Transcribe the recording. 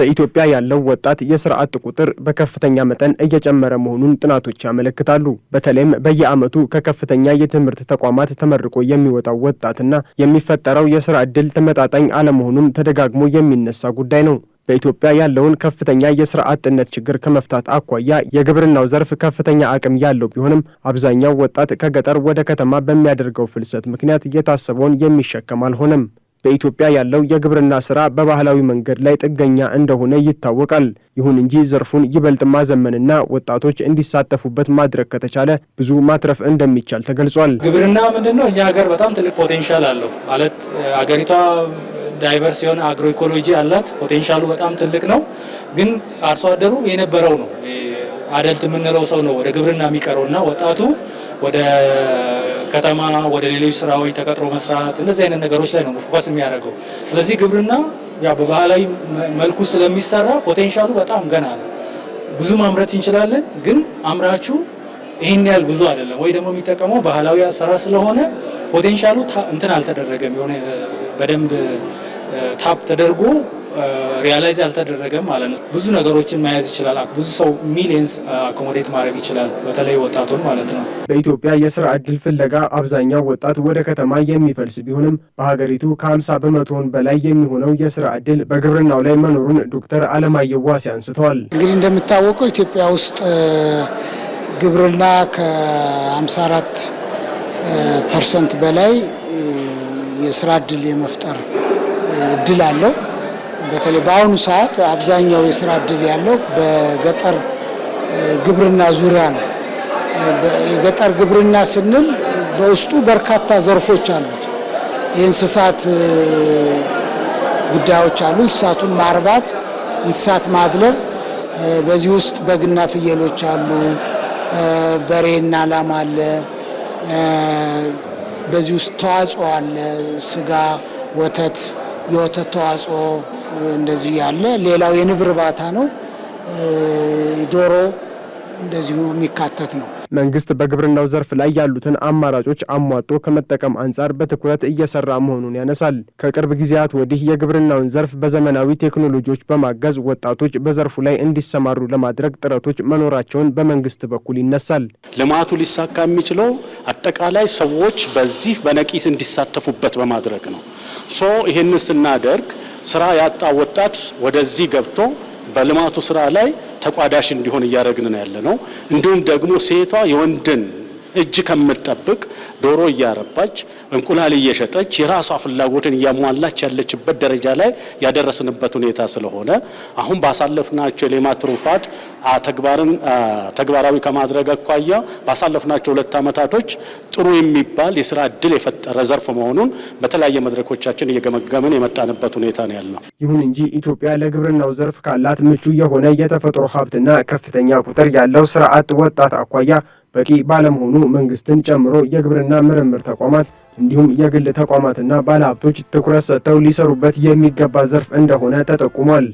በኢትዮጵያ ያለው ወጣት የስራ አጥ ቁጥር በከፍተኛ መጠን እየጨመረ መሆኑን ጥናቶች ያመለክታሉ። በተለይም በየዓመቱ ከከፍተኛ የትምህርት ተቋማት ተመርቆ የሚወጣው ወጣትና የሚፈጠረው የስራ ዕድል ተመጣጣኝ አለመሆኑም ተደጋግሞ የሚነሳ ጉዳይ ነው። በኢትዮጵያ ያለውን ከፍተኛ የስራ አጥነት ችግር ከመፍታት አኳያ የግብርናው ዘርፍ ከፍተኛ አቅም ያለው ቢሆንም አብዛኛው ወጣት ከገጠር ወደ ከተማ በሚያደርገው ፍልሰት ምክንያት የታሰበውን የሚሸከም አልሆነም። በኢትዮጵያ ያለው የግብርና ስራ በባህላዊ መንገድ ላይ ጥገኛ እንደሆነ ይታወቃል። ይሁን እንጂ ዘርፉን ይበልጥ ማዘመንና ወጣቶች እንዲሳተፉበት ማድረግ ከተቻለ ብዙ ማትረፍ እንደሚቻል ተገልጿል። ግብርና ምንድን ነው? እኛ ሀገር በጣም ትልቅ ፖቴንሻል አለው ማለት አገሪቷ ዳይቨርስ የሆነ አግሮ ኢኮሎጂ አላት። ፖቴንሻሉ በጣም ትልቅ ነው። ግን አርሶ አደሩ የነበረው ነው አደልት የምንለው ሰው ነው ወደ ግብርና የሚቀረውና ወጣቱ ወደ ከተማ ወደ ሌሎች ስራዎች ተቀጥሮ መስራት እንደዚህ አይነት ነገሮች ላይ ነው ፎከስ የሚያደርገው። ስለዚህ ግብርና ያ በባህላዊ መልኩ ስለሚሰራ ፖቴንሻሉ በጣም ገና ነው። ብዙ ማምረት እንችላለን፣ ግን አምራቹ ይህን ያህል ብዙ አይደለም ወይ ደግሞ የሚጠቀመው ባህላዊ አሰራር ስለሆነ ፖቴንሻሉ እንትን አልተደረገም የሆነ በደንብ ታፕ ተደርጎ ሪያላይዝ uh, ያልተደረገም ማለት ነው። ብዙ ነገሮችን መያዝ ይችላል። ብዙ ሰው ሚሊየንስ አኮሞዴት uh, ማድረግ ይችላል፣ በተለይ ወጣቱን ማለት ነው። በኢትዮጵያ የስራ እድል ፍለጋ አብዛኛው ወጣት ወደ ከተማ የሚፈልስ ቢሆንም በሀገሪቱ ከ50 በመቶውን በላይ የሚሆነው የስራ እድል በግብርናው ላይ መኖሩን ዶክተር አለማየሁ ዋሴ አንስተዋል። እንግዲህ እንደሚታወቀው ኢትዮጵያ ውስጥ uh, ግብርና ከ54 ፐርሰንት በላይ የስራ እድል የመፍጠር እድል አለው። በተለይ በአሁኑ ሰዓት አብዛኛው የስራ እድል ያለው በገጠር ግብርና ዙሪያ ነው። የገጠር ግብርና ስንል በውስጡ በርካታ ዘርፎች አሉት። የእንስሳት ጉዳዮች አሉ። እንስሳቱን ማርባት፣ እንስሳት ማድለብ። በዚህ ውስጥ በግና ፍየሎች አሉ። በሬና ላም አለ። በዚህ ውስጥ ተዋጽኦ አለ፣ ስጋ፣ ወተት፣ የወተት ተዋጽኦ እንደዚህ ያለ። ሌላው የንብ እርባታ ነው። ዶሮ እንደዚሁ የሚካተት ነው። መንግስት በግብርናው ዘርፍ ላይ ያሉትን አማራጮች አሟጦ ከመጠቀም አንጻር በትኩረት እየሰራ መሆኑን ያነሳል። ከቅርብ ጊዜያት ወዲህ የግብርናውን ዘርፍ በዘመናዊ ቴክኖሎጂዎች በማገዝ ወጣቶች በዘርፉ ላይ እንዲሰማሩ ለማድረግ ጥረቶች መኖራቸውን በመንግስት በኩል ይነሳል። ልማቱ ሊሳካ የሚችለው አጠቃላይ ሰዎች በዚህ በነቂስ እንዲሳተፉበት በማድረግ ነው። ሶ ይህንን ስናደርግ ስራ ያጣ ወጣት ወደዚህ ገብቶ በልማቱ ስራ ላይ ተቋዳሽ እንዲሆን እያደረግን ያለ ነው። እንዲሁም ደግሞ ሴቷ የወንድን እጅ ከምጠብቅ ዶሮ እያረባች እንቁላል እየሸጠች የራሷ ፍላጎትን እያሟላች ያለችበት ደረጃ ላይ ያደረስንበት ሁኔታ ስለሆነ አሁን ባሳለፍናቸው የሌማት ትሩፋት ተግባርን ተግባራዊ ከማድረግ አኳያ ባሳለፍናቸው ሁለት ዓመታቶች ጥሩ የሚባል የስራ እድል የፈጠረ ዘርፍ መሆኑን በተለያየ መድረኮቻችን እየገመገምን የመጣንበት ሁኔታ ነው ያለው። ይሁን እንጂ ኢትዮጵያ ለግብርናው ዘርፍ ካላት ምቹ የሆነ የተፈጥሮ ሀብትና ከፍተኛ ቁጥር ያለው ስርዓት ወጣት አኳያ በቂ ባለመሆኑ መንግስትን ጨምሮ የግብርና ምርምር ተቋማት እንዲሁም የግል ተቋማትና ባለሀብቶች ትኩረት ሰጥተው ሊሰሩበት የሚገባ ዘርፍ እንደሆነ ተጠቁሟል።